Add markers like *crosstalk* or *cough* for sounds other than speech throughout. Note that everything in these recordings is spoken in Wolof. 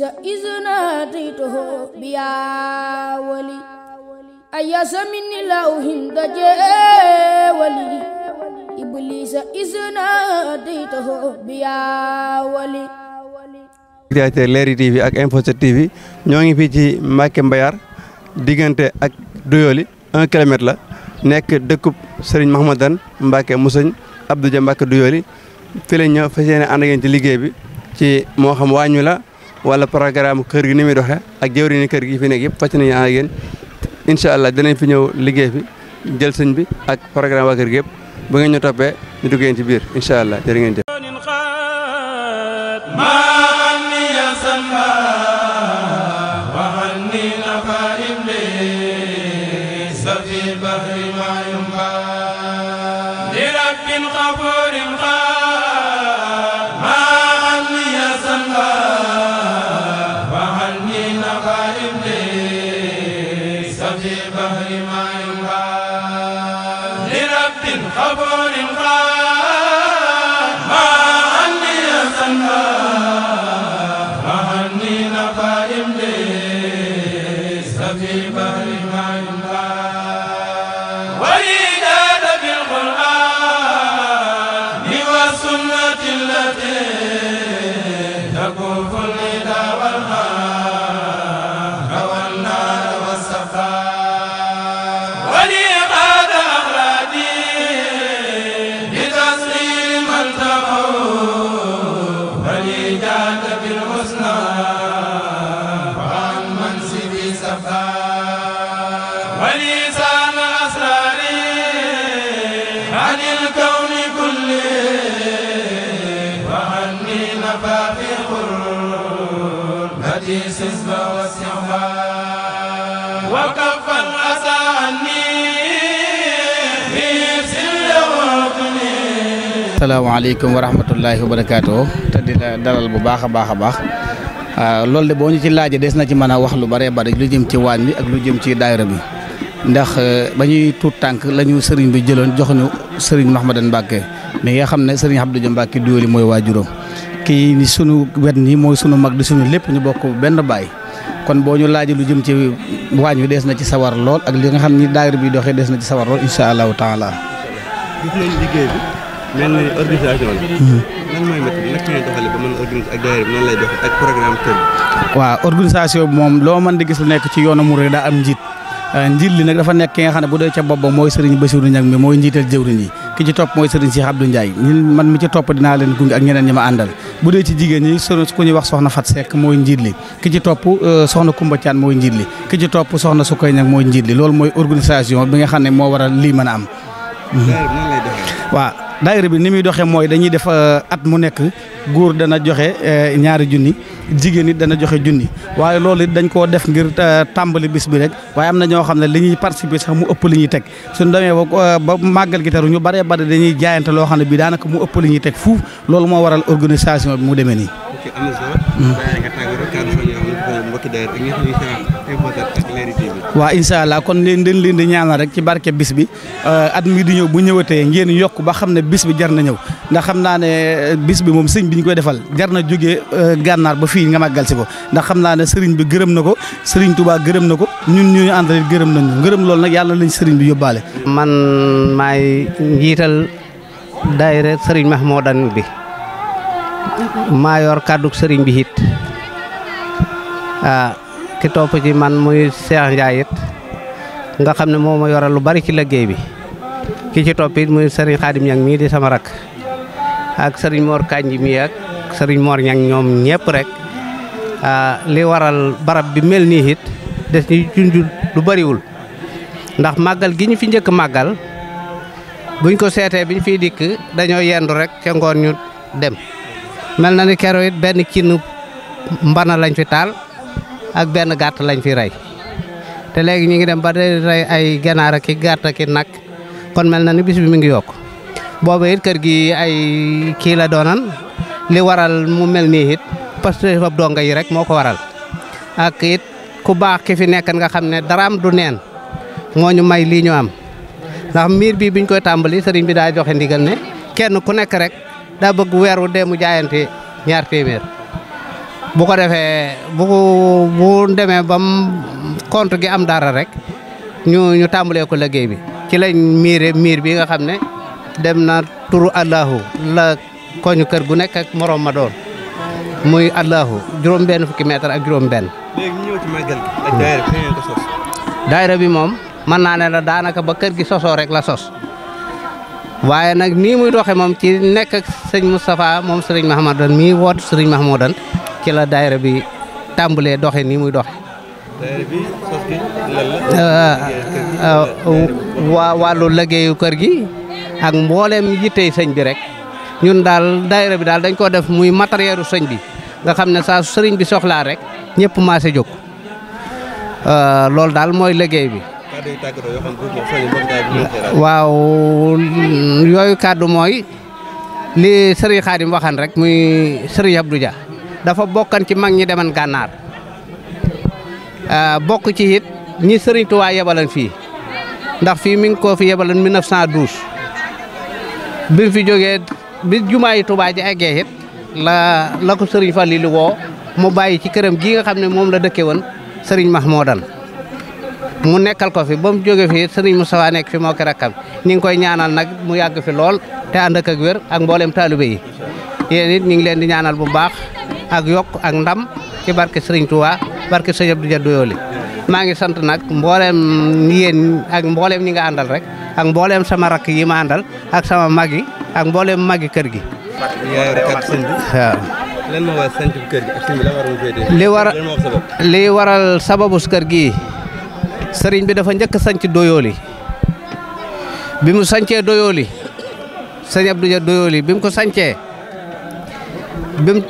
إذ ناديته بيا ولي أيا سمني لو هند ولي إبليس إذ ناديته بيا ولي créateur Leeri TV ak Info 7 TV ñoo ngi fii ci Mbacké Mbayar diggante ak Doyoli un kilomètre la nekk dëkkub Serigne Mahamadan Mbacké mu sëñ Abdou Dia Mbacké Doyoli fii la ñëw fas yéene ànd ak yéen ci liggéey bi ci moo xam wàññu la wala programme kër gi ni muy doxee ak yi ni kër gi fi nekk yëpp fàcc nañu ànd ak yéen incha allah danañ fi ñëw liggéey fi jël sëñ bi ak programme waa kër gi yëpp ba ngeen ñu toppee ñu duggeen ci biir incha allah jërë ngeen jëf الدهر ما ينبع لرب خبر قال asalaamaaleykum wa rahmatullahi wa barakaatu te di la dalal bu baax a baax a baax ah, loolu de boo ñu ci laajee des na ci man a wax lu bare bare lu jëm ci waañ bi ak lu jëm ci daayira bi ndax eh, ba ñuy tuut tànk la ñu sëriñ bi jëloon jox ñu sëriñ Mahmadan Mbàkke mais nga xam ne sëriñ Abdou Dia Mbàkke Dooli mooy waajuram kii ni sunu wet nii mooy sunu mag di sunu lépp ñu bokk benn baay kon boo ñu laajee lu jëm ci waañ wi des na ci sawar lool ak li nga xam ni daayira bi doxee des na ci sawar lool incha allahu taala. mel ni organisation bi. moom loo mën di gis lu nekk ci yoonu Mouride daa am njiit euh, njiit li nag dafa nekk ki nga xam ne bu dee ca boppam mooy Serigne Bassirou Niang mi mooy njiital jëwriñ yi ki ci topp mooy Serigne Cheikh Abdou Ndiaye ñun mi ci topp dinaa leen gunge ak ñeneen ñi ma àndal bu dee ci jigéen ñi soxna ku ñuy wax soxna Fat Seck mooy njiit li ki ci topp euh, soxna Koumba Thian mooy njiit li ki ci topp soxna Sukkay Niang mooy njiit li loolu mooy organisation bi nga xam ne moo war a lii mën a am waaw daayira bi ni muy doxee mooy dañuy def at mu nekk góor dana joxe ñaari junni jigéen it dana joxe junni waaye loolu it dañ koo def ngir tàmbali bis bi rek waaye am na ñoo xam ne li ñuy participer sax mu ëpp li ñuy teg suñ demee ba ba màggal gi teru ñu baree bari dañuy jaayante loo xam ne bii daanaka mu ëpp li ñuy teg fuuf loolu moo waral organisation bi mu demee nii. waaw incha allah kon leen dañ leen di ñaanal rek ci barke bis bi euh, at mi di ñëw bu ñëwatee ngeen yokk ba xam ne bis bi jar na ñëw ndax xam naa ne euh, bis bi moom sëñ bi ñu koy defal jar na jógee euh, gànnaar ba fii nga màggal si ko ndax xam naa ne sëriñ bi gërëm na ko sëriñ tubaa gërëm na ko ñun ñu àndal gërëm nañu gërëm lool nag yàlla lañ sëriñ bi yóbbaale. man maay njiital daayira sëriñ Mahmoudan bi maa yor kàddu sëriñ bi it ki topp ci man muy Cheikh Ndiaye it nga xam ne moo ma yoral lu bari ci liggéey bi ki ci topp it muy sëriñ Xaadim Ñang mii di sama rak ak sëriñ Mor Kanji mii ak sëriñ moor Ñang ñoom ñëpp rek ah, li waral barab bi mel nii it des ñu junj lu bariwul ndax màggal gi ñu fi njëkk màggal buñ ko seetee biñ fiy dikk dañoo yendu rek ca ngoon ñu dem mel na ni kero it benn cin mbana lañ fi taal ak benn gàtt lañ fi rey te léegi ñu ngi dem ba day rey ay ganaar ak i gàtt ak nag kon mel na ni bis bi mi ngi yokk boobu it kër gi ay kii la doonan li waral mu mel nii it parce que fab donga yi rek moo ko waral ak it ku baax ki fi nekk nga xam ne am du neen moo ñu may lii ñu am ndax miir bi biñ koy tàmbali sëriñ bi daa joxe ndigal ne kenn ku nekk rek daa bëgg weeru dee mu jaayante ñaar téeméer bu ko defee bu bu demee ba mu compte gi am dara rek ñu ñu tàmbalee ko liggéey bi ci lañ miire miir bi nga xam ne dem na turu allahu la koñu kër gu nekk ak moroom ma doon muy allahu juróom benn fukki mètre ak juróom benn. léegi ñu ñëw ci màggal gi ak daayira bi ko sos. daayira bi moom mën naa ne la daanaka ba kër gi sosoo rek la sos waaye nag nii muy doxee moom ci nekk ak sëñ Moustapha moom sëriñ Mahamadan mii woot sëriñ Mahamadan ci la daayira bi tàmbalee doxe nii muy doxe euh, euh, euh, waa wàllu liggéeyu kër gi ak mbooleem yittey sëñ bi rek ñun daal daayira bi daal dañ koo def muy matérielu sëñ bi nga xam ne saa sëriñ bi soxlaa rek ñëpp maase jóg loolu daal mooy liggéey bi waaw yooyu kàddu mooy li sëriñ Xaadim waxan rek muy sëriñ Abdou Dia dafa bokkan ci mag ñi deman gànnaar euh, bokk ci it ñi Sëriñ Tuubaa yebalan fii ndax fii mi ngi koo fi yebalan 1912 bi mu fi jóge bi yi Tuubaa ji eggee it la la ko Sëriñ Faliilu woo mu bàyyi ci këram gi nga xam ne moom la dëkke woon Sëriñ Mahmoudan mu nekkal ko fi ba mu jóge fi Sëriñ Moustapha nekk fi moo ki rakkam ñi ngi koy ñaanal nag mu yàgg fi lool te ànd ak ak wér ak mboolem taalibe yi yéen it ñu ngi leen di ñaanal bu baax ak yokk ak ndam ci barke Serigne Touba barke Serigne Abdou Dia Doyoly maa ngi sant nag mbooleem yéen ak mbooleem ñi nga àndal rek ak mbooleem sama rakk yi ma àndal ak sama mag yi ak mbooleem mag yi kër gi. waaw. lan moo waral sant kër gi li waral li waral sababu kër gi sëriñ bi dafa njëkk a sanc Doyoly bi mu sancee Doyoly sëñ Abdou Dia Doyoly bi mu ko sancee. bi mu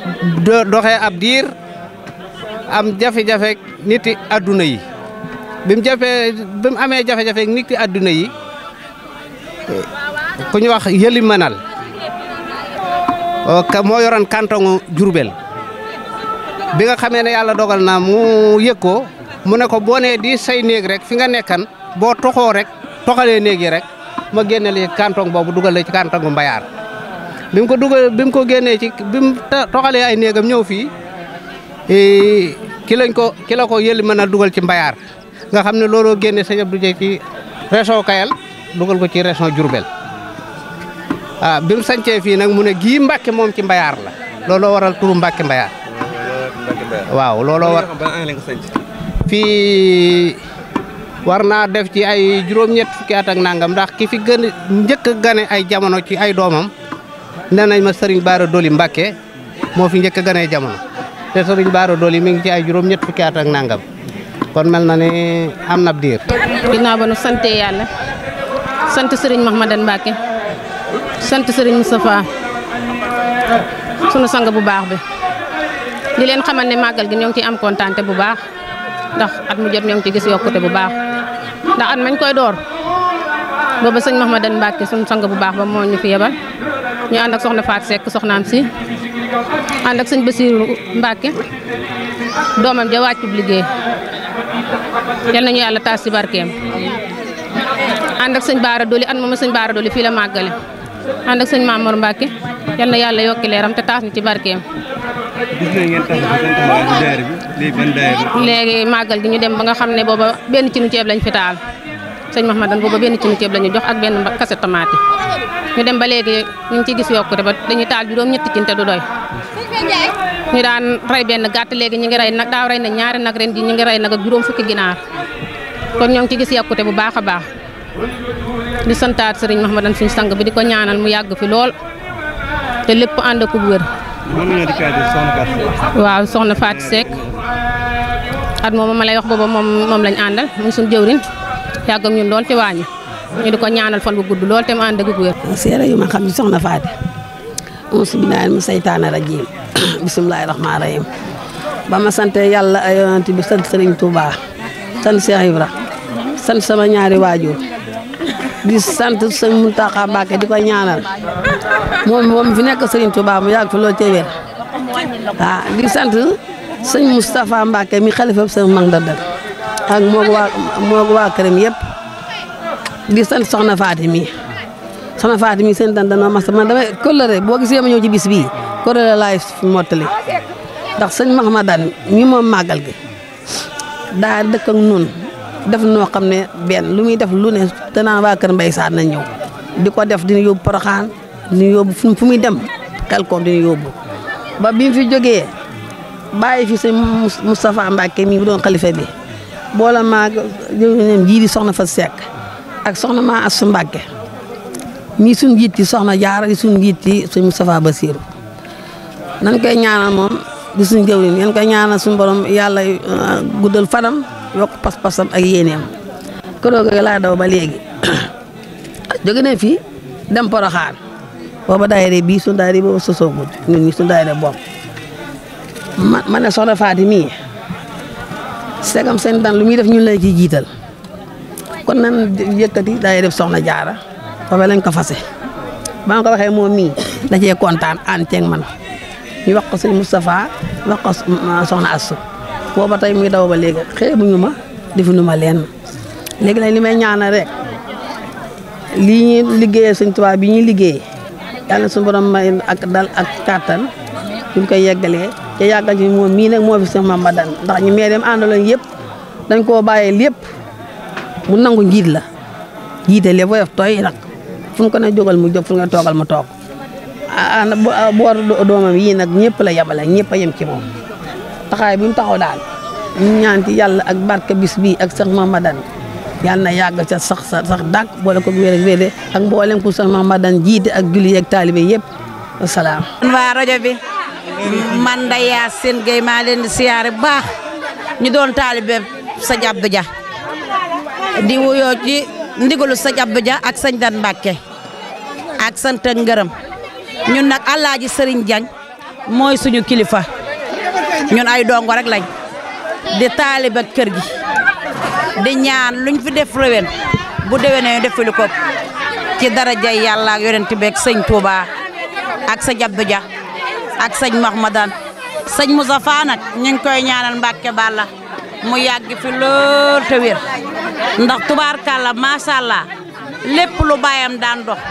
doxee ab diir am jafe-jafe nit yi adduna yi bi mu jafee bi mu amee jafe-jafe nit yi adduna yi ku ñu wax yëli manal moo yoroon kantongu jurubel bi nga xamee ne yàlla dogal na mu yëg ko mu ne ko boo nee di say néeg rek fi nga nekkan boo toxoo rek toxalee néeg yi rek ma génne li kantong boobu dugal la ci kantongu Mbayaar bi mu ko dugal bi mu ko génnee ci bi mu toxalee ay néegam ñëw fii eh, ki lañ ko ki la ko yëli mën a dugal ci mbayaar nga xam ne looloo génne sëñ Abdou Dieye ci région Kayal dugal ko ci région Diourbel ah bi mu sancee fii nag mu ne gii Mbàkke moom ci mbayaar la looloo waral turu Mbàkke mbayaar waaw looloo war fii war naa def ci ay juróom-ñett fukki at nangam ndax ki fi gën njëkk gane ay jamono ci ay doomam nee nañ ma Serigne Bara Doli Mbacke moo fi njëkk a ganee jamono te Serigne Bara Doli mi ngi ci ay juróom ñett fukki at ak nangam kon mel na ne am na diir. ginnaaw ba nu sant yàlla sant Serigne Mahmadan Mbacke sant sëriñ Moustapha sunu sang bu baax bi di leen xamal ne màggal gi ñoo ngi am kontaante bu baax ndax at mu jot ñoo ngi ci gis yokkute bu baax ndax at mañ koy door booba sëñ Mahmadan Mbacke sunu sang bu baax ba moo ñu fi yebal. ñu ànd ak soxna Faat Seck soxnaam si ànd ak sëñ Basiiru Mbàkke doomam ja wàccub liggéey yal nañu yàlla taas ci barkeem ànd ak sëñ Baara Doli at moom sëñ Baara Doli fii la màggale ànd ak sëñ Mamour Mbàkke yal na yàlla yokki leeram te taas ni ci barkeem léegi màggal gi ñu dem ba nga xam ne booba benn ci nu ceeb lañ fi taal sëñ Mahamadan booba benn cin ceeb la ñu jox ak benn kaset tomate ñu dem ba léegi ñu ngi ciy gis yokkute ba dañu taal juróom-ñetti cin te du doy. ñu daan rey benn gàtt léegi ñu ngi rey nag daaw rey na ñaari nag ren ji ñu ngi rey nag ak juróom fukki ginaar kon ñoo ngi ci gis yokkute bu baax a baax di santaat sëriñ Mahamadan suñu sang bi di ko ñaanal mu yàgg fi lool te lépp ànd ak wér. waaw soxna Fatou Seck at moom ma lay wax booba moom moom lañ àndal mu suñu jëwrin yàgg ak ñun lool ci waañu ñu di ko ñaanal fan bu gudd lool te mu ànd ak seere yu ma xam ne soxna Faati auzu billaahi mina seytaane rajiim *coughs* bismillaahi rahmaani rahiim ba ma sant yàlla ay yonent bi sant Sëriñ Tuubaa sant Cheikh Ibra sant sama ñaari waajur di sant sëñ Muntaxa Mbàkke di ko ñaanal moom nekk Sëriñ Tuubaa mu yàgg fi loolu ci wér ah di sant sëñ Moustapha Mbàkke mi xalifam sëñ Magdadal ak moog waa moog waa këram di sant soxna Faati mi soxna Faati mi seen tan danoo mas man damay kóllëre boo gisee ma ñëw ci bis bii kóllëre laay mottali ndax sëñ Mahamadan mi moom màggal gi daa dëkk ak nun def noo xam ne benn lu muy def lu ne danaa waa kër Mbay Saar nañ di ko def dina yóbbu Poroxaan dina yóbbu fu muy dem xel koom dina yóbbu ba bi mu fi jógee bàyyi fi sëñ Moustapha Mbacke mi bu doon xalifa bi boole maag jëwriñam ji di soxna fa Seck ak soxna maa Asu Mbàkke mii suñ njiit yi soxna Jaara di suñ njiit yi suñ Moustapha Basiru nan koy ñaanal moom di suñ jëwriñ yan koy ñaanal suñ borom yàlla euh, guddal fanam yokk pas-pasam ak yéeneem këroog laa daw ba léegi *coughs* jóge na fi dem Poroxaan booba daayira bii suñ daayira boobu sosoo gudd ñun ñi suñ daayira bopp ma ne soxna Faati segam seen lu muy def ñun lay ciy jiital kon nan yëkkati day def soxna jaara foofee lañ ko fase ba ma ko waxee moom mii da cee kontaan ànd man ñu wax ko sëñ Moustapha wax ko soxna Astou booba tey muy daw ba léegi xeebuñu ma defuñu ma lenn léegi nag li may ñaanal rek lii ñuy liggéeye sëñ Tuubaa bi ñuy liggéeyee yàlla na suñu borom may ak dal ak kàttan ñu koy yeggalee ca yàggal ci moom mii nag moo fi Cheikh Mame Madane ndax ñu mee dem àndaloon yëpp dañ koo bàyyee lépp mu nangu njiit la jiite lépp woyof tooy nag fu ko ne jógal mu jóg fu nga toogal mu toog ànd boor doomam yii nag ñëpp la yabale ñëpp a yem ci moom taxaay bi mu taxaw daal ñu ñaan ci yàlla ak barke bis bii ak Cheikh Mame Madane na yàgg ca sax sax sax dàq boole ko wéer ak wéede ak mboolem ku Cheikh Mame Madane jiite ak julli yeeg taalibe yëpp man yaa seen géy maa leen baax ñu doon taalibe sa jàbb ja di wuyoo ci ndigalu sa jàbb ja ak sañ dan ak sant ak ñun nag alaaji sëriñ jañ mooy suñu kilifa ñun ay dongo rek lañ di taalibe kër gi di ñaan luñ fi def réwén bu déwénee ñu defalu ko ci darajay yàlla ak yonent bi sëñ Tuuba ak sa jàbb ja ak sëñ Mahmadan sëñ Moustapha nag ñu ngi koy ñaanal Mbàkke Balla mu yàgg fi lool te wér ndax tubaarkàlla macha allah lépp lu baayam daan dox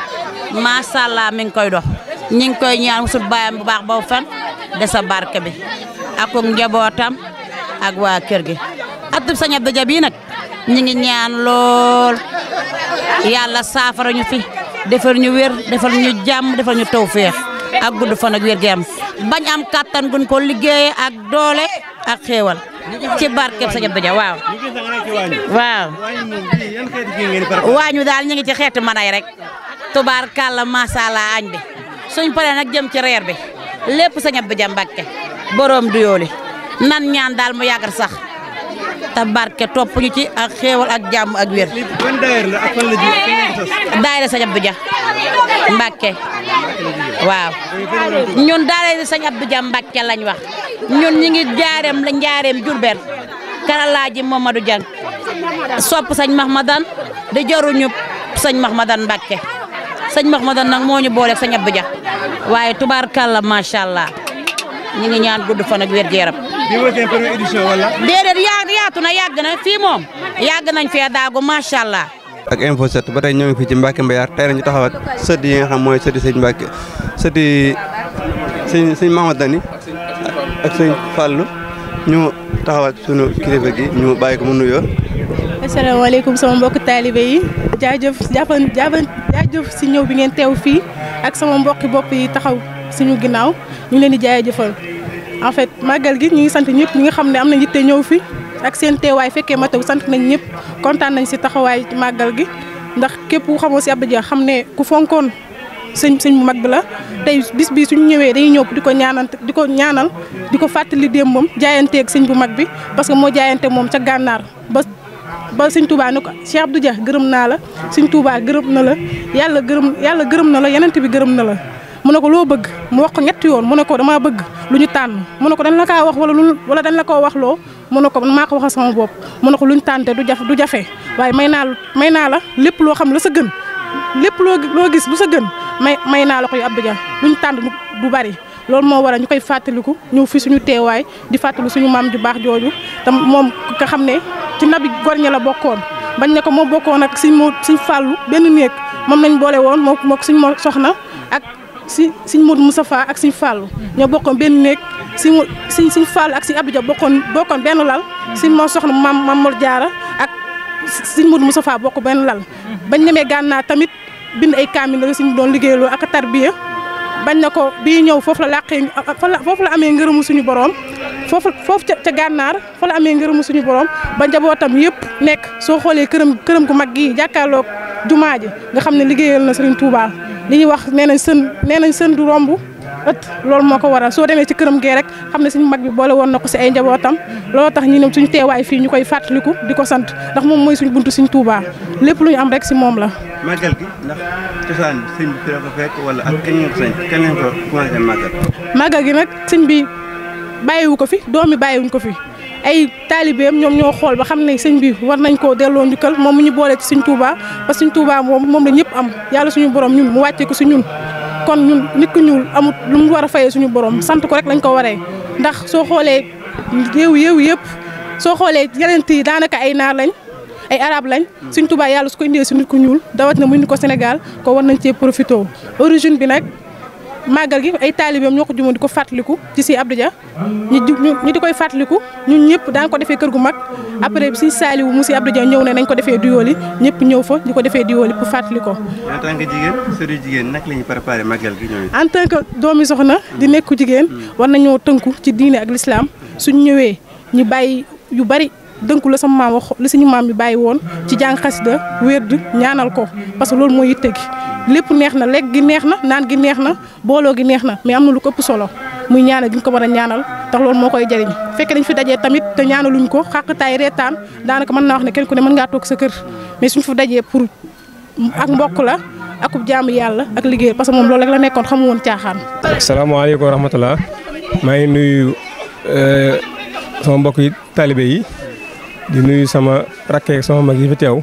macha allah mi ngi koy dox ñu ngi koy ñaan sut baayam bu baax ba fan de barke bi ak njabootam ak waa kër gi atub sëñ Abdou Dia bii nag ñu ngi ñaan lool yàlla saafara ñu fi defal ñu wér defal ñu jàmm defal ñu tawféex ak gudd fan ak wér gi am bañ am kàttan guñ ko liggéeyee ak doole ak xéewal ci barkeb Sëñ Abdou Dia waaw. waaw. waañu daal ñu ngi ci xeetu manay rek. tubaar kàlla masala bi suñ paree nag jëm ci reer bi lépp Sëñ Abdou Dia Mbàkke boroom du yooli nan ñaan daal mu yàggal sax. te barke topp ñu ci ak xéewal ak jàmm ak wér. ban daayira la ak fan la ji daayira sëñ Abdou Dia Mbacke waaw ñun daayira sëñ Abdou Dia Mbacke lañ wax ñun ñi ngi jaareem la njaareem Jurbel karalaaji Mamadou Dieng sopp sëñ Mahmadan di jaruñu sëñ Mahmadan Mbacke sëñ Mahmadan nag mooñu boole booleeg sëñ Abdou Dia waaye tubaarkàlla macha allah ñu ngi ñaan gudd fan ak wér gu bi mooy seen déedéet yaatu na yàgg na fii moom yàgg nañ fee daagu macha allah. ak Info ba tey ñoo ngi fii ci Mbacke Mbayar tey nañu taxawat sët yi nga xam mooy sëti sëñ Mbacke sëti sëñ sëñ Mamadou Dani ak sëñ Fallou ñu taxawat suñu kilifa gi ñu bàyyi ko mu nuyoo. asalaamaaleykum sama mbokk taalibe yi jaajëf jàppan jàppan jaajëf si ñëw bi ngeen teew fii ak sama mbokki bopp yi taxaw suñu ginnaaw ñu ngi leen di jaajëfal. en fait màggal gi ñu ngi sant ñëpp ñu nga xam ne am na yitte ñëw fi ak seen teewaay fekkee mataw sant nañ ñëpp kontaan nañ si taxawaay màggal gi ndax képp ku xamoo si Abdou Dia xam ne ku fonkoon sëñ sëñ bu mag bi la tey bis suñu ñëwee dañuy ñëw di ko ñaanal di ko ñaanal di ko fàttali démbam jaayanteeg sëñ bu mag bi parce que moo jaayante moom ca gànnaar ba ba sëñ Touba ne ko Cheikh Abdou Dia gërëm naa la sëñ Touba gërëm na la yàlla gërëm yàlla gërëm na la yenent bi gërëm na la mu ne ko loo bëgg mu wax ko ñetti yoon mu ne ko damaa bëgg lu ñu tànn mu ne ko dañ la kaa wax wala lu wala dañ la koo wax loo mu ne ko maa ko waxal sama bopp mu ne ko lu ñu du jafe du jafe waaye may naa may naa la lépp loo xam la sa gën lépp loo loo gis bu sa gën may may naa la koy Abdou Dia lu ñu tànn du bari loolu moo waral ñu koy fàttaliku ñëw fi suñu teewaay di fàttali suñu maam ju baax jooju te moom nga xam ne ci nabi gor ñi la bokkoon bañ ne ko moo bokkoon ak suñ moo suñ fàllu benn néeg moom nañ boole woon moo moo suñ moo soxna ak si siñ Modou Moustapha ak siñ Fallou ñoo bokkoon benn néeg si siñ siñ Fallou ak si Abdou Dia bokkoon bokkoon benn lal siñ moo soxna maam maam Mor Diarra ak siñ Modou Moustapha bokk benn lal bañ demee Gànnaar tamit bind ay kaamil la mu doon liggéeyloo ak tarbiya bañ na ko bii ñëw foofu la làqee foofu la amee mu suñu borom foofu foofu ca gànnaar fa la amee ngër mu suñu borom ba njabootam yëpp nekk soo xoolee këram këram gu mag gii jàkkaarloog jumaa ji nga xam ne liggéeyal na Serigne Touba. li ñuy wax nee nañ sën nee nañ sën du romb ëtt loolu moo ko waral soo demee ci këram gee rek xam ne suñu mag bi boole woon na ko si ay njabootam looloo tax ñu ne suñ teewaay fii ñu koy fàttaliku di ko sant ndax moom mooy suñu buntu suñ Touba lépp lu am rek si moom la. màggal gi ndax cosaan sëñ bi fi ko fekk wala ak kañ ko sëñ kañ ko commencé màggal. gi nag sëñ bi bàyyiwu ko fi doom yi bàyyiwuñ ko fi. ay taalibeem ñoom ñoo xool ba xam ne sëñ bi war nañ koo delloo njukkal moom mu ñu boole ci sëñ Touba parce que sëñ Touba moom moom la ñëpp am yàlla suñu borom ñun mu wàccee ko si ñun. kon ñun nit ku ñuul amut lu mu war a fayee suñu borom sant ko rek lañ ko waree ndax soo xoolee réew yéew yëpp soo xoolee yeneen yi daanaka ay naar lañ. ay arab lañ sëñ Touba yàlla su ko indee si nit ku ñuul dawat na mu indi ko Sénégal ko war nañ cee profité origine màggal gi ay taalibeem ñoo ko jumoon di ko fàttaliku ci si Abdou Dia ñu di koy fàttaliku ñun ñëpp daan ko defee kër gu mag après si Saliou mu si Abdou Dia ñëw ne nañ ko defee Diyoli ñëpp ñëw fa di ko defee Diyoli pour fàttali ko. en tant que jigéen sori la ñuy préparé màggal gi ñoom en tant que doomi soxna di nekku jigéen mm. war nañoo tënku ci diine ak lislaam suñ ñëwee ñu bàyyi yu bari dënku la sa maam wax la suñu maam bi bàyyi woon ci jàng xasida wérd ñaanal ko parce que loolu mooy yitte gi lépp neex na lekk gi neex na naan gi neex na booloo gi neex na mais am na lu ko ëpp solo muy ñaanal gi ñu ko war a ñaanal tax loolu moo koy jëriñ fekkee nañ fi dajee tamit te ñaanaluñ ko xàq taay reetaan daanaka mën na wax ne kenn ku ne mën ngaa toog sa kër mais suñ fi dajee pour ak mbokk la akub jaamu yàlla ak liggéey parce que moom loolu rek la nekkoon xamu woon caaxaan. asalaamaaleykum wa rahmatulah maa ngi nuyu eh, mbokk yi taalibe yi di nuyu sama rakk sama mag yi fi teew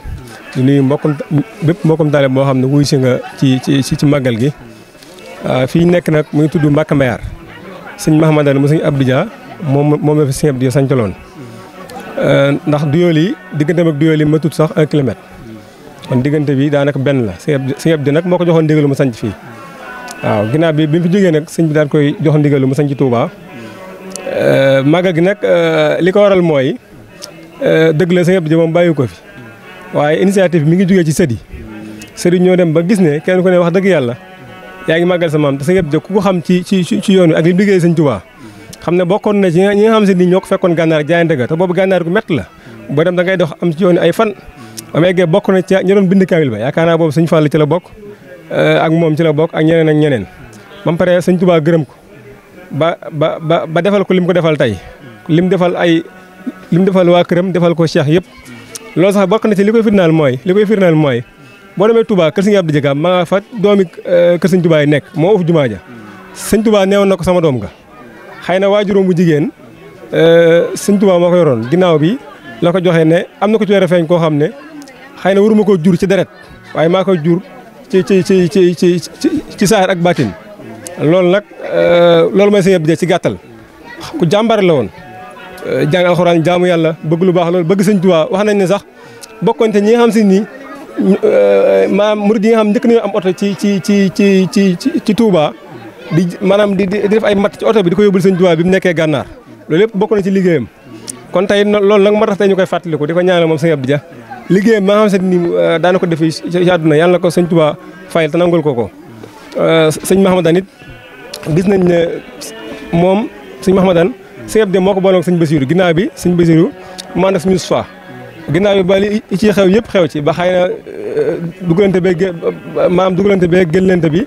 di nuyu mbokkum bépp mbokkum taale boo xam ne wuy si nga ci ci ci màggal gi. Ah, fii nekk nag mu ngi tudd Mbacke Mbayar sëñ Mahamadan mu sëñ ab Dia moom moom la fi sëñ Abdou Dia ah, ndax duyool yi digganteem ak duyool yi matut sax un kon diggante bi daanaka benn la sëñ di nag moo ko joxoon ndigalu mu sañc fii waaw ginnaaw bi bi mu fi jógee nag sëñ bi daan koy jox ndigalu mu sañc Touba. Ah, màggal gi nag li ko waral mooy. Euh, dëgg la sëñ Abdou Dia bàyyi ko fi waaye initiative mi ngi jugee ci sëdi sëdi ñoo dem ba gis ne kenn ku ne wax dëgg yàlla yaa ngi màggal sa maam te sëñ Abdou Dia ku ko xam ci ci ci yoon wi ak li mu sëñ Tuubaa xam ne bokkoon na ci ñi nga xam si ni ñoo ko fekkoon gànnaar jaayante ga te boobu gànnaar gu dem da ngay dox am ci yoon ay bokk na ca bind kaamil ba yaakaar naa boobu sëñ Fall ci la bokk euh, ak moom ci la bokk ak ñeneen ak ñeneen ba mu paree sëñ Tuubaa gërëm ko ba ba ba defal ko li ko defal tey lim defal ay li mu defal waa këram defal ko cheikh yëpp loolu sax bokk na ci li koy firnaal mooy li koy firnaal mooy boo demee tubaa kër Sëñ Abdou Diaga ma nga fa doomi euh, kër Sëñ Touba yi nekk moo uuf jumaa ja Sëñ Touba neewoon na ko sama doom nga xëy na waajuróom bu jigéen euh, Sëñ Touba moo ko yoroon ginnaaw bi la ko joxee ne am na ko ci weer feeñ koo xam ne xëy na waruma koo jur ci deret waaye maa koy jur ci ci ci ci ci ci saahir ak baatin loolu nag euh, loolu mooy Sëñ Abdou Diaga ci gàttal ku jàmbaar la woon Euh, jàng alxuraan jaamu yàlla bëgg lu baax loolu bëgg sëñ Tuubaa wax nañ ne sax bokkoon te ñi nga xam si nii euh, maanaam murid yi nga xam njëkk nañu am oto ci ci ci ci ci ci Touba di maanaam di di def ay matt ci oto bi di ko yóbbul sëñ Tuubaa bi mu nekkee gànnaar loolu yëpp bokk na ci liggéeyam. kon tey loolu nag moo tax tey ñu koy fàttaliku di ko ñaanal moom sëñ Abdou Dia liggéeyam ma xam se ni euh, daana ko def ci àdduna yàlla ko sëñ Tuubaa fayal te nangul ko ko. sëñ Mahamadan it gis nañ ne moom sëñ Mahamadan sëñ Abdou moo ko boole ak sëñ Basiru ginnaaw bi sëñ Basiru maa def suñu soie ginnaaw bi ba li ci xew yëpp xew ci ba xëy na euh, dugalante bee gé maam be bee gëllante bi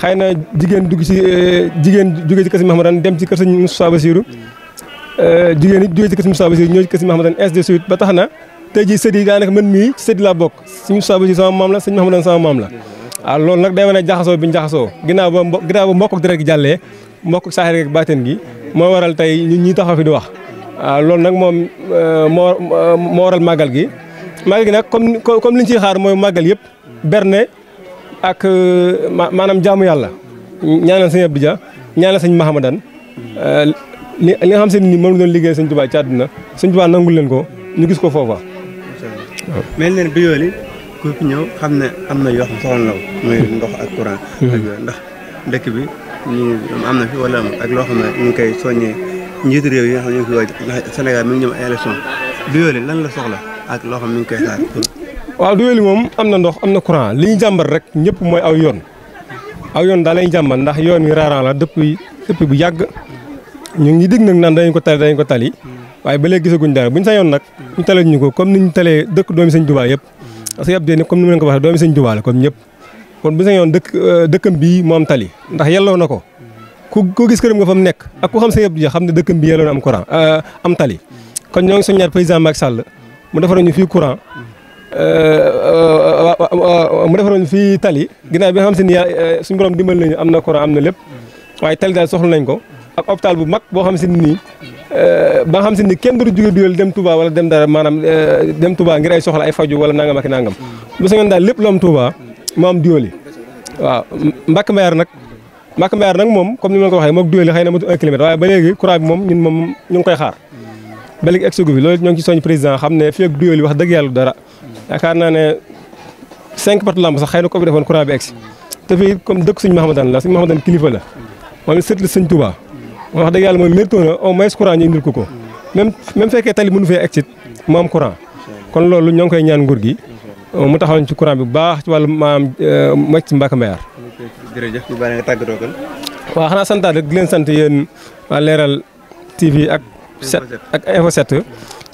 xay na jigéen dugg ci euh, jigéen jóge ci kër si Mahamadan dem ci kër sëñ Moussa Basiru euh, jigéen it jóge ci kër si Moussa Basiru ñëw ci kër si Mahamadan ba tax na tey jii sët yi daanaka man mii ci sët yi laa bokk sëñ Moussa Basiru sama maam la sëñ Mahamadan sama maam la waaw ah, loolu nag day wane jaxasoo bi ñu jaxasoo ginnaaw ba ginnaaw ba mbokk ak direct jàllee mbokk saaxir ak baatin gi moo waral tey ñuy tax taxaw fi di wax waaw loolu nag moom euh, moo euh, moo waral màggal gi màggal gi nag comme comme li ñu ciy xaar mooy màggal yëpp berne ak euh, maanaam jaamu yàlla ñaanal sëñ Abdou ja ñaanal sëñ Mahamadan li nga xam se ni moom la doon liggéey sëñ Tuubaa ci àdduna sëñ Tuubaa nangul leen ko ñu gis ko foofa. mel neen bi yooli ku ñëw xam ne am na yoo soxla na mooy ndox ak courant. Hmm. ndax dëkk bi. ñu am na fi wala am ak loo xam ne ñu ngi koy soññee njiitu réew yi nga xam ne ñu ngi fi waaj la ak loo xam ne mi moom am na ndox am na courant li ñu jàmbat rek ñëpp mooy aw yoon aw yoon daal la ñu jàmbat ndax yoon wi raaraan la depuis depuis yàgg ñu ngi dig nag naan dañu ko tali dañu ko tali waaye ba ko comme ni ñu talee dëkk doomi sëñ Tuubaa yëpp parce que dee ni ma leen ko waxee doomi sëñ Tuubaa la comme kon bu sañoon dëkk euh, dëkkam bii mu am tali ndax yelloo na ko ku ko gis këram nga fa mu nekk ak ku xam sëñ Abdou Dia xam ne dëkkam bi yelloo na am courant euh, am tali kon ñoo ngi soññaat président Macky Sall mu defaroon ñu fii courant euh, mu defaroon fii tali ginnaaw bi xam se ni suñu borom dimbal nañu am na courant am na lépp waaye tali daal soxla nañ ko ak hôpital bu mag boo xam se nii ba xam se ni kenn du jóge duyal dem Touba wala dem dara maanaam dem Touba ngir ay soxla ay faju wala nangam ak nangam bu sañoon daal lépp lu am Touba maam diwéli waaw mbàkk mbayaar nag mbàkk mbayaar nag moom comme ni ma ko waxee moog diwéli xëy na matu un kilomètre waaye ba léegi moom ñun moom ñu ngi koy xaar ba léegi egg bi loolu ñoo ngi ci soñ président xam ne fii ak wax dëgg yàlla dara yaakaar naa ne cinq partout lamb sax xëy na ko bi defoon courant bi egg si te fii comme dëkk suñu Mahamadan la suñu Mahamadan kilifa la moom it sët la sëñ wax dëgg yàlla moom mérito na au moins courant ñu ko ko même même fekkee tali mënu fee egg si mu am courant kon loolu ñoo ngi koy ñaan nguur gi Euh, mu taxawoon ci courant bi bu baax ci wàllu maam euh, mocc Mbacke Mbayar. jërëjëf ñu bàyyi tàggatoo kon. waaw xanaa santaat rek di leen sant yéen waa Leral TV ak. ak Info 7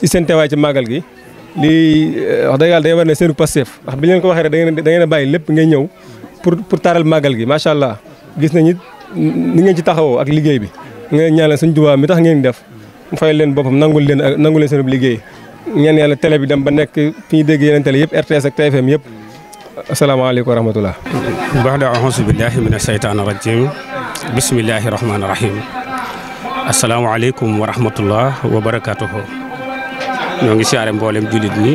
ci seen teewaay ci màggal gi. lii euh, wax dëgg yàlla day war ne seenu Pastef ndax bi leen ko waxee rek da ngeen da ngeen a bàyyi lépp ngay ñëw pour pour taaral màggal gi macha allah gis ñi ni ngeen ci taxawoo ak liggéey bi. ngeen ñaanal suñu Tuubaa mi tax ngeen def mu fay leen boppam nangul leen nangul leen seen liggéey ñaan yàlla bi dem ba nekk fi ñu dégg yeneen télé yëpp RTS ak TFM yëpp asalaamaaleykum wa rahmatullah baxda axusu billahi min asheytaan rajim bismillahi rahmaani ñoo ngi siyaare mboolem jullit ñi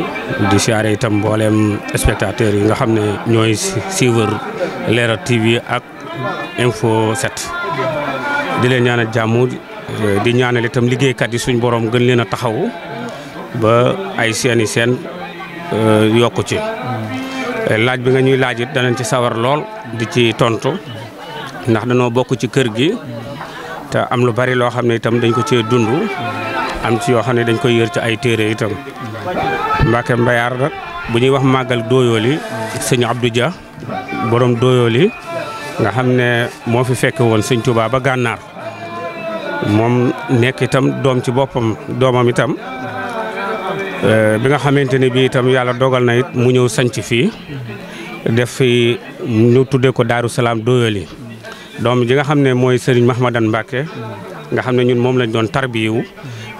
di siyaare itam mbooleem spectateurs yi nga xam ne ñooy suivre Leral TV ak Info 7 di leen ñaanal jàmm di ñaanal itam liggéeykat yi suñ borom gën leen a taxawu ba ay seeni seen euh, yokku ci euh, laaj bi nga ñuy laaj it ci sawar lool di ci tontu ndax danoo bokk ci kër gi te am lu bari loo xam ne itam dañ ko cee dund am ci yoo xam ne dañ koy yër ci ay téere itam mbake Mbayar nag bu ñuy wax màggal dooyooli sëñ Abdou Dia borom dooyooli nga xam ne moo fi fekke woon sëñ Touba ba gànnaar moom nekk itam doom ci boppam doomam itam Euh, bi nga xamante ne bii itam yàlla dogal na mu ñëw sañc fii def fi ñu tuddee ko Daaru Salaam Doyoli doom ji nga xam ne mooy Serigne Mahmadan Mbacke nga xam ne ñun moom lañ doon tarbiyewu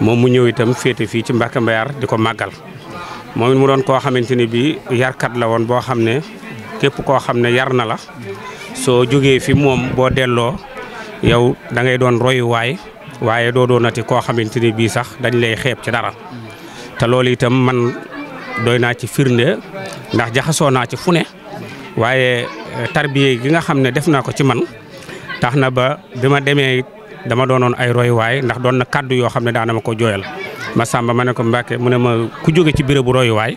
moom mu ñëw itam féete fii ci Mbacke Mbayar di ko màggal moom mu doon koo xamante ni bii yarkat la woon boo xam ne képp koo xam ne yar na la soo jógee fi moom boo delloo yow dangay doon royuwaay waaye doo doonati koo xamante ni bii sax dañ lay xeeb ci dara. te loolu itam man doy naa ci firnde ndax jaxasoo naa ci fu ne waaye eh, tarbiye gi nga xam ne def naa ko ci man tax na ba bi ma demee dama doonoon ay royuwaay ndax doon na kàddu yoo xam ne daana ma ko jooyal ma sàmba ma ne ko Mbàkke mu ne ma ku jóge ci bérébu royuwaay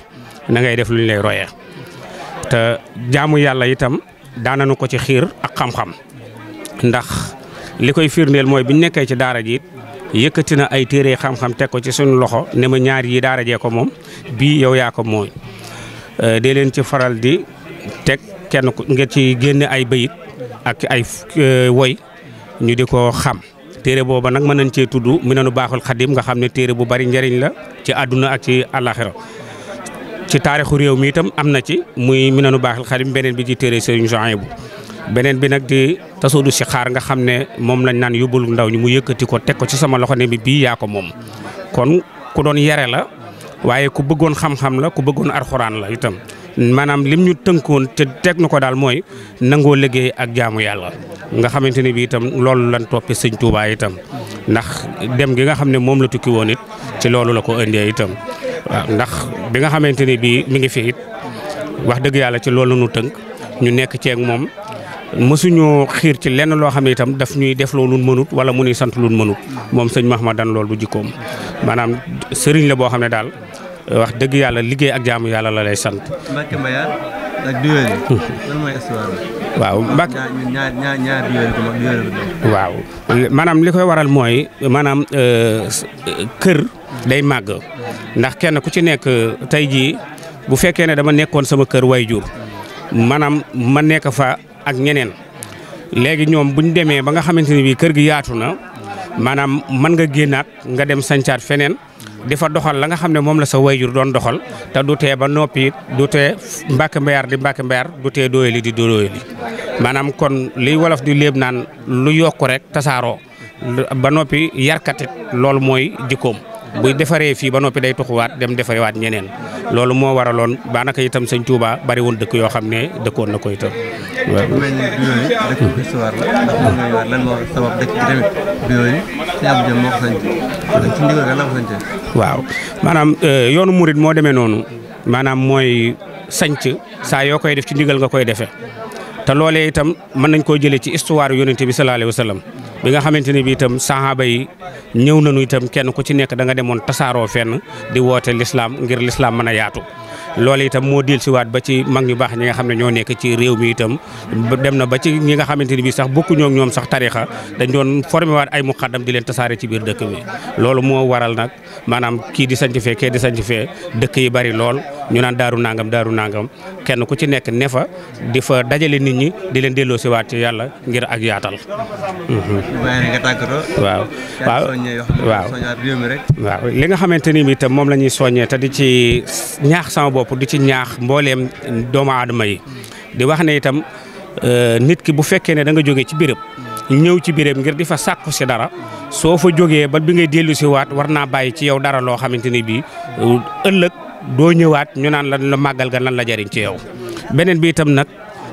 nangay def lu ñu lay te jaamu yàlla itam daananu ko ci xiir ak xam-xam ndax li koy firndeel mooy biñ nekkee ci daara ji yëkkati na ay téere xam-xam teg ko ci suñu loxo nema ñaar yi daara jee ko moom bii yow yaa ko mooy euh, dee leen ci faral di teg kenn ko nga ci génne ay bayit ak ay euh, woy ñu di ko xam téere booba nag mën nañ cee tudd mi nanu baaxul xadim nga xam ne téere bu bari njariñ la ci àdduna ak ci àllaaxira ci taarixu réew mi itam am na ci muy mu mi nanu baaxul xadim beneen bi ci téere Sëriñ Souhaïbou beneen bi nag di tasuudu si xaar nga xam ne moom lañ naan yóbbul ndaw ñi mu yëkkati ko teg ko ci sama loxo ne bi bii yaa ko moom kon ku doon yare la waaye ku bëggoon xam-xam la ku bëggoon arxuraan la itam maanaam lim ñu tënkoon te teg na ko daal mooy nangoo liggéey ak jaamu yàlla nga xamante ne bi itam loolu lañ toppee sëñ Touba itam ndax dem gi nga xam ne moom la tukki woon it ci loolu la ko indee itam waaw ndax bi nga xamante ne bii mi ngi fi wax dëgg yàlla ci loolu nu tënk ñu nekk ceeg moom mësuñu xiir ci lenn loo xam ne itam daf ñuy def loo lun mënut wala mu ñuy sant lun mënut moom sañ sëñ Mahmadan loolu du jikkoom maanaam sëriñ la boo xam ne daal wax dëgg yàlla liggéey ak jaamu yàlla la lay sant. waaw Mbacke mag waaw maanaam li koy waral mooy maanaam euh, kër day màgg ndax kenn ku ci nekk tey jii bu fekkee ne dama nekkoon sama kër way jur maanaam ma nekk fa. ak ñeneen léegi ñoom bu ñu demee ba nga xamante ni bii kër gi yaatu na maanaam mën nga génnaat nga dem sancaat feneen di fa doxal la nga xam ne moom la sa wayjur doon doxal te du tee ba noppi du tee mbàkk mbayaar di mbàkk mbayaar du tee dooyali di dooyali maanaam kon li wolof di léeb naan lu yokk rek tasaaroo ba noppi yarkatit loolu mooy jikkoom buy defaree fii ba noppi day tuxuwaat dem defarewaat ñeneen loolu moo waraloon baanaka itam sëñ Touba bari woon dëkk yoo xam ne dëkkoon na koy tam waaw bu euh, mel yoonu murit moo demee noonu maanaam mooy sanc saa yoo koy def ci ndigal nga koy defee te loolee itam mën nañ koo jële ci histoire yonente bi sallallahu alayhi wa bi nga xamante ne bi itam sahaaba yi ñëw nañu itam kenn ku ci nekk da nga demoon tasaaroo fenn di woote lislaam ngir lislaam mën a yaatu loolu itam moo dellu siwaat ba ci mag ñu baax ñi nga xam ne ñoo nekk ci réew mi itam dem na ba ci ñi nga xamante ni bii sax bokkuñoo ñoom sax tarixa dañ doon formé waat ay muqaddam di leen tasaare ci biir dëkk bi loolu moo waral nag maanaam kii di sanc fee kee di sanc fee dëkk yi bari lool ñu naan daaru nangam daaru nangam kenn ku ci nekk ne fa di fa dajale nit ñi di leen delloo si waat yàlla ngir ak yaatal. Mm-hmm. waaw li nga xamante ni bi tam moom la ñuy soññee te di ci ñaax sama bopp di ci ñaax mbooleem doomu aadama yi di wax ne itam euh, nit ki bu fekkee ne da nga jógee ci béréb ñëw ci béréb ngir di fa sàkku si dara soo fa jógee ba bi ngay dellu si waat war naa bàyyi ci yow dara loo xamante ni bii ëllëg. doo ñëwaat ñu naan lan la màggal ga lan la jariñ ci yow beneen bi itam nag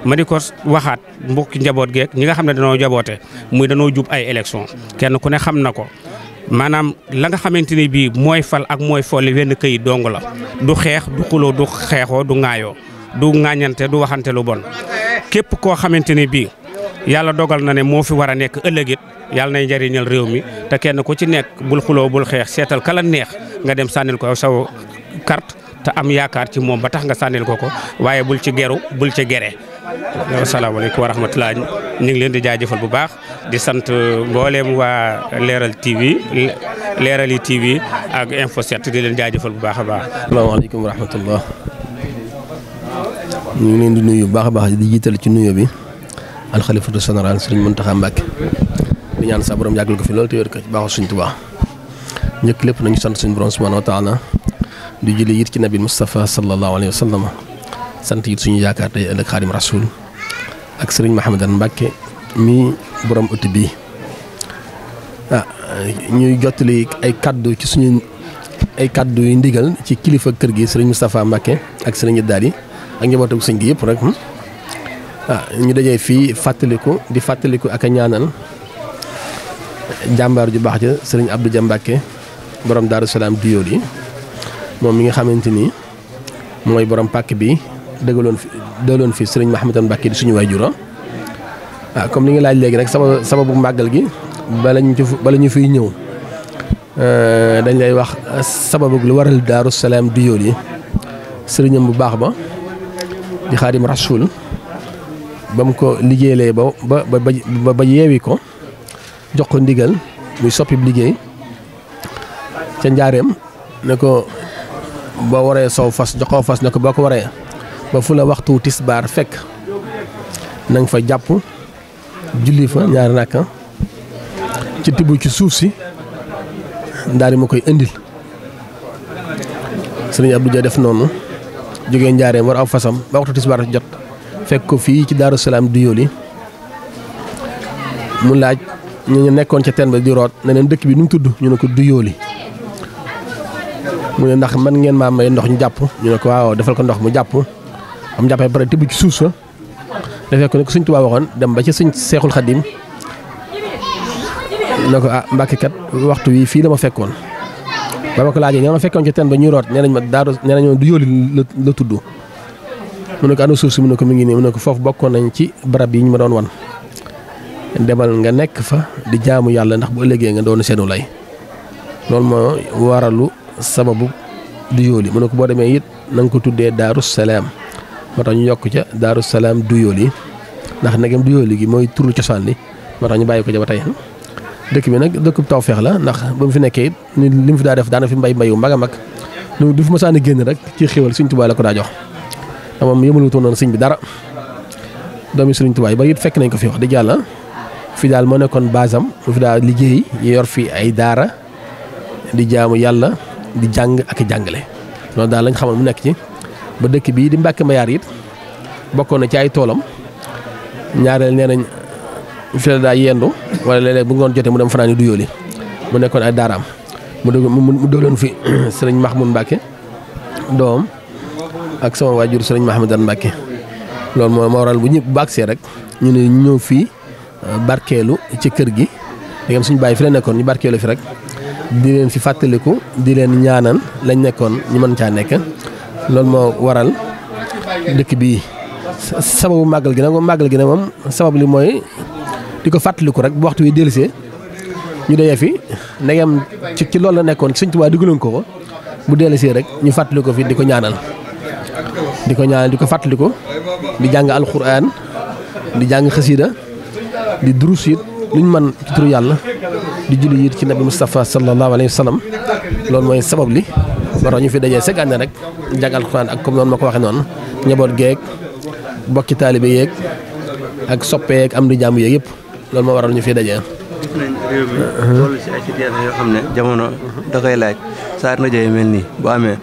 ma di ko waxaat mbokki njaboot geek ñi nga xam ne danoo jaboote muy danoo jub ay élection kenn ku ne xam na ko maanaam la nga xamante ni bii mooy fal ak mooy folli wenn kayit dong la du xeex du xuloo du xeexoo du ŋaayoo du ŋaañante du waxante lu bon képp koo xamante ni bii yàlla dogal na ne moo fi war a nekk ëllëgit yàlla nay jariñal réew mi te kenn ku ci nekk bul xuloo bul xeex seetal kala neex nga dem sànnil ko saw te am yaakaar ci moom ba tax nga sànnil ko ko waaye bul ci geru bul ci gere asalaamaaleykum wa rahmatulah ñu ngi leen di jaajëfal bu baax di sant euh, mbooleem waa leeral TV leeral yi TV ak info 7 di leen jaajëfal bu baax a baax. asalaamaaleykum wa rahmatulah ñu ngi leen di nuyu bu baax a baax di jiital ci nuyo bi alxalifatu général sëriñ Muntaxa Mbàkke di ñaan sa borom yàggal ko fi loolu te wér ko ci baaxul suñ Tuubaa ñëkk lépp nañu sant suñu borom subhaanahu wa taala di julli it ci nabi Moustapha sallallahu alayhi wa sallam sant yit suñu yaakaar tey ëllëg xaadim rasul ak sëriñ Mahamadan Mbàkke mi borom ëtt bii ah ñuy jottali ay kaddu ci suñu ay kaddu yu ndigal ci kilifa kër gi sëriñ Moustapha Mbàkke ak sëriñ Daal yi ak njabootu sëñ gi yëpp rek hmm? ah, ñu dajee fii fàttaliku di fàttaliku ak a ñaanal jàmbaar ju baax ja sëriñ Abdou Dia Mbàkke borom Daaru Diyool yi moom mi nga xamante ni mooy borom pàkk bi dëggaloon fi dëggaloon fi sëriñ Mahamadan Mbàkke di suñu waajur ah comme li nga laaj léegi rek sama sababu màggal gi balañu ñu ñu fiy ñëw euh, dañ lay wax sababu lu waral Daaru Salaam di yool yi sëriñam bu baax ba di Xaadim Rasul ba mu ko liggéeyalee ba ba ba ba yeewi ko jox ndigal muy soppi liggéey ca njaareem ne ko boo waree soow fas joxoo fas ne ko boo ko waree ba fu la waxtu tisbaar fekk na fa jàpp julli fa ñaari rakka ci tibb ci suuf si daal di ma koy indil sëriñ Abdou Dia def noonu jógee njaareem war aw fasam ba waxtu tisbaar jot fekk ko fii ci Daaru Salaam Diyoli mu laaj ñu nekkoon ca teen ba di root ne dëkk bi nu mu tudd ñu ne ko Diyoli mu ne ndax man ngeen maa may ndox ñu jàpp ñu ne ko waaw defal ko ndox mu jàpp am jàppee pare tibb ci suuf sa defee ko ne ko sëñ Tuubaa waxoon dem ba ci sëñ Seexul Xadiim ne ko ah Mbàkke waxtu wi fii la ma fekkoon ba ma ko laajee ñoo ma fekkoon ci teen ba ñuy root nee nañ ma daaru nee nañ ma du yóoli la tudd mu ne ko ana suuf si mu ne ko mi ngi nii mu ne ko foofu bokkoon nañ ci barab yi ñu ma doon wan demal nga nekk fa di jaamu yàlla ndax bu ëllëgee nga doon seenu lay sababu duyooli mu ne ko boo demee it na ko tuddee daaru salaam moo tax ñu yokk ca daaru salaam duyooli ndax nagam duyooli gi mooy turu cosaan li moo tax ñu bàyyi ko ca ba tey dëkk bi nag dëkk tawfeex la ndax ba mu fi nekkee it li mu fi daa def daana fi mbay mbayu mag a mag lu du fi mosaan génn rek ci xéwal Sëriñ Tuubaa la ko daa jox te moom yëmalutoon noonu sëñ bi dara doomi Sëriñ Tuubaa yi ba it fekk nañ ko fi wax dëgg yàlla fi daal ma nekkoon basam mu fi daal liggéey yor fi ay daara di jaamu yàlla di jàng ak jàngale loolu daal lañ xamal mu nekk ci ba dëkk bii di Mbàkke Mayaar it bokkoon na ci ay toolam ñaareel nee nañ fi la daa yendu wala léeg bu ngoon jotee mu dem fanaan du yooli mu nekkoon ay daaraam mu déglu mu dooleon fi *clears throat* sëriñ Mahmoud Mbacke doom ak sama waajur sëriñ Mahmoudan Mbacke loolu moo moo waral bu ñëpp baagsee rek ñu ne ñëw fii barkeelu ci kër gi léegi suñu baay fi la nekkoon ñu barkeelu fi rek. di leen fi fàttaliku di leen ñaanal lañ nekkoon ñu mën caa nekk loolu moo waral dëkk bii sababu màggal gi nag moom màggal gi nag moom sabab li mooy di ko fàttaliku rek bu waxtu wi dellusee ñu dee fi ndegem ci ci loolu la nekkoon Sëñ Tuubaa digaloon ko ko bu dellusee rek ñu fàttaliku fi di ko ñaanal di ko ñaanal di ko fàttaliku di jàng alxuraan di jàng xasiida di durus luñ man ci yàlla di julli yit ci nabi Moustapha sallallahu alayhi wa sallam loolu mooy sabab li moo tax ñu fi dajee segg ànd rek jàng ak comme noonu ma ko waxee noonu njaboot geeg bokki taalibe yeeg ak soppeek am di jàmm yeeg yëpp loolu moo waral ñu fi dajee. réew mi toll uh-huh. ci ay yoo xam ne jamono da koy laaj saa na jëye mel nii bu amee.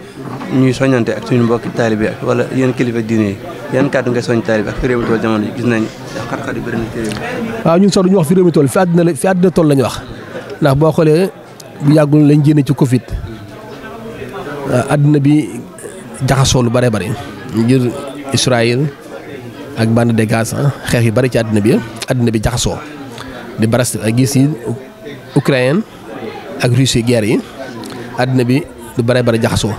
ñuy soñante ak suñu mbokki taalibe ak wala yéen kilifa diine yi yan kàddu ngay soññ taalibe ak fi réew mi toll jamono gis nañ xat-xat yu bëri na waaw ñun sax duñu wax fi réew mi toll fi àddina la fi àddina toll lañu wax ndax boo xoolee bu yàggul lañ génne ci Covid àddina bi jaxasoo lu bare bari ngir Israël ak bande de Gaza xeex yu bari ci àddina bi àddina bi jaxasoo di baras ak gis yi Ukraine ak Russie guerre yi àddina bi lu bare bare jaxasoo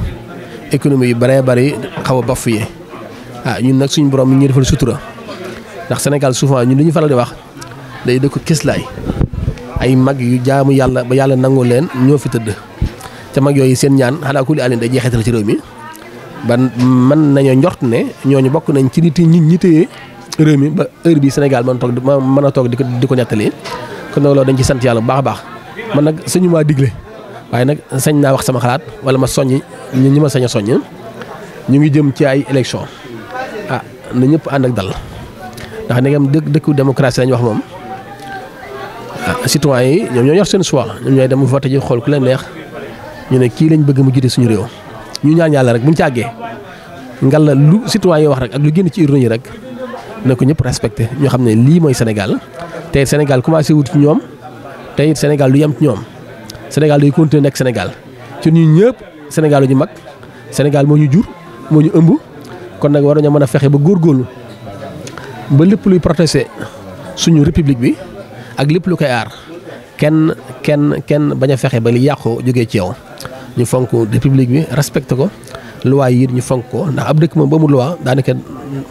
économie yu bëree bëri xaw a bafoué ah ñun nag suñu borom mi ngi defal sutura ndax Sénégal souvent ñu li ñu faral di wax day dëkk kislaay ay mag yu jaamu yàlla ba yàlla nangoo leen ñoo fi tëdd te mag yooyu seen ñaan xanaa ku li àllin day jeexital ci réew mi ba mën nañoo njort ne ñoo ñu bokk nañ ci nit ñi ñi téye réew mi ba heure bi Sénégal mën toog mën a toog di ko di ko nettali kon nag loolu dañ ci sant yàlla bu baax baax man nag sëñu maa digle. waaye nag sañ naa wax sama xalaat wala ma soññ ñi ñi ma saña a soññ ñu ngi jëm ci ay élection ah na ñëpp ànd ak dal ndax ne ngam dëkk dëkku démocratie lañ wax moom ah, citoyen yi ñoom ñoo yor seen choix ñoom ñooy dem voté ji xool ku leen neex ñu ne kii lañ bëgg mu jiite suñu réew ñu ñaan yàlla rek buñ ci àggee ngal la lu citoyen yi wax rek ak lu génn ci urne yi rek na ko ñëpp respecté ñoo xam ne lii mooy Sénégal tey Sénégal commencé wut ci ñoom tey Sénégal lu yem ci ñoom Sénégal day continuer nekk Sénégal ci ñun ñëpp Sénégal ñu mag Sénégal moo ñu jur moo ñu ëmb kon nag war nañoo mën a fexe ba góorgóorlu ba lépp luy protéger suñu république bi ak lépp lu koy aar kenn kenn kenn bañ a fexe ba li yàqoo jógee ci yow ñu fonk république bi respecté ko luwaay yi ñu fonk ko ndax ab dëkk moom ba mu loi daanaka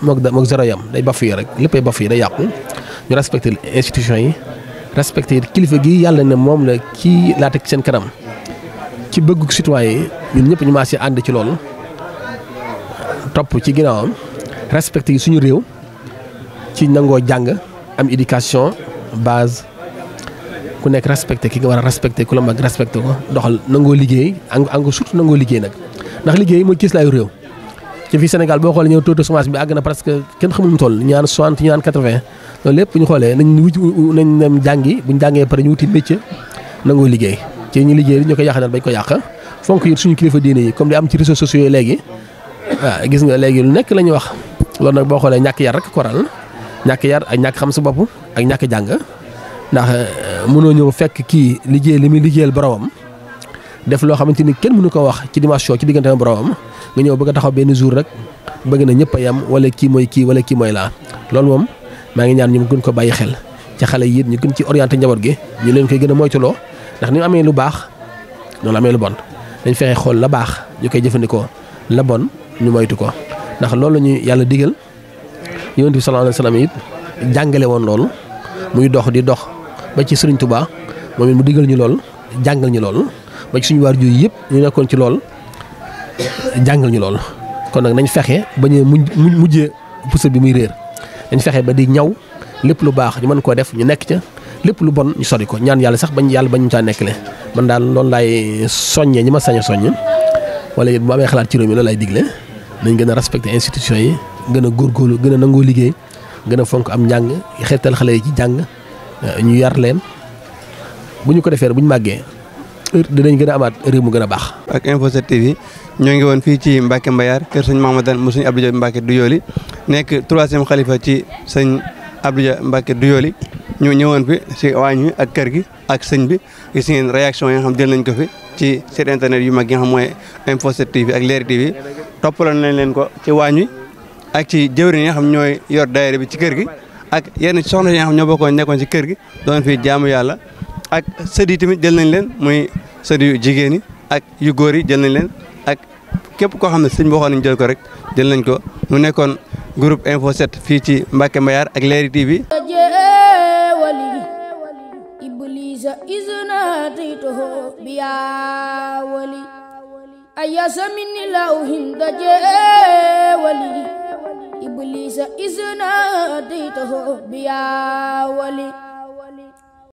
moog moog zéro yam day bafu yi rek léppay bafu yi day yàqu ñu respecté institution yi. respecté kilifa gi yàlla ne moom la kii laa seen kanam ci bëggu citoyen ñun ñëpp ñu maasee ànd ci loolu topp ci ginnaawam respecté suñu réew ci nangoo jàng am éducation base ku nekk respecté ki nga war a respecté ku la mag respecté ko doxal nangoo liggéey ang ang surtout nangoo liggéey nag ndax liggéey moo mooy cëslaayu réew. ci fi Sénégal boo xoolee ñëw taux de chômage bi àgg na presque kenn xamul mu toll ñu naan soixante loolu lépp ñu xoolee nañ wuti nañ dem jàngi bu ñu jàngee pare ñu wuti métier nangoo liggéey ci ñu liggéey ñu ko yàq naan bañ ko yàq fonk yi suñu kilifa diine yi comme di am ci réseaux sociaux yi léegi waaw gis nga léegi lu nekk la ñuy wax loolu nag boo xoolee ñàkk yar rek koral ñàkk yar ak ñàkk xam sa bopp ak ñàkk jàng ndax euh, mënoo ñëw fekk kii liggéey li muy liggéeyal boromam def loo xamante ni kenn mënu ko wax ci dimension ci diggante boromam nga ñëw bëgg a taxaw benn jour rek bëgg na ñëpp a yem wala kii mooy kii wala kii mooy laa loolu moom maa ngi ñaan ñu gën ko bàyyi xel ci xale yi ñu gën ci orienté njaboot gi ñu leen koy gën a moytuloo ndax ni mu amee lu baax noonu amee lu bon dañ fexe xool la baax ñu koy jëfandikoo la bon ñu moytu ko ndax loolu la ñu yàlla digal yonent bi sallallahu alayhi wasallam jàngale woon loolu muy dox di dox ba ci Sëriñ Tuubaa moom it mu digal ñu lool jàngal ñu lool ba ci suñu waajur yëpp ñu nekkoon ci lool jàngal ñu loolu kon nag nañ fexe ba ñu mujjee puso bi muy réer dañ fexe ba di ñaw lépp lu baax ñu mën koo def ñu nekk ca lépp lu bon ñu sori ko ñaan yàlla sax bañ yàlla bañ ñu nekk nekkale man daal loolu laay soññee ñi ma sañ a soññ wala yéen bu amee xalaat ci réew mi loolu laay digle nañ gën a respecté institution yi gën a góorgóorlu gën a nangoo liggéey gën a fonk am njàng xeetal xale yi ci jàng euh, ñu yar leen bu ñu ko defee bu ñu màggee dinañ gën a amaat réew mu gën a baax. ñoo ngi woon fii ci Mbacke Mbayar kër sëñ Mahamadan mu sëñ Abdou Dia Mbacke Douyoly nekk troisième xalifa ci sëñ Abdou Dia Mbacke Douyoly ñu ñëwoon fi si waañ wi ak kër gi ak sëñ bi gis ngeen réaction yi nga xam jël nañ ko fi ci site internet yu mag yi nga xam mooy Info 7 TV ak Leral TV toppaloon nañ leen ko ci waañ wi ak ci jëwriñ yi nga xam ñooy yor daayira bi ci kër gi ak yenn soxna yi nga xam ñoo bokkoon nekkoon ci kër gi doon fi jaamu yàlla ak sët yi tamit nañ leen muy sët yu jigéen yi ak yu góor yi jël leen képp koo xam ne sëñ bi waxoon jël ko rek jël nañ ko mu nekkoon groupe Info 7 fii ci Mbacke Mbayar ak Leeri TV iblisa isna daytahu biya wali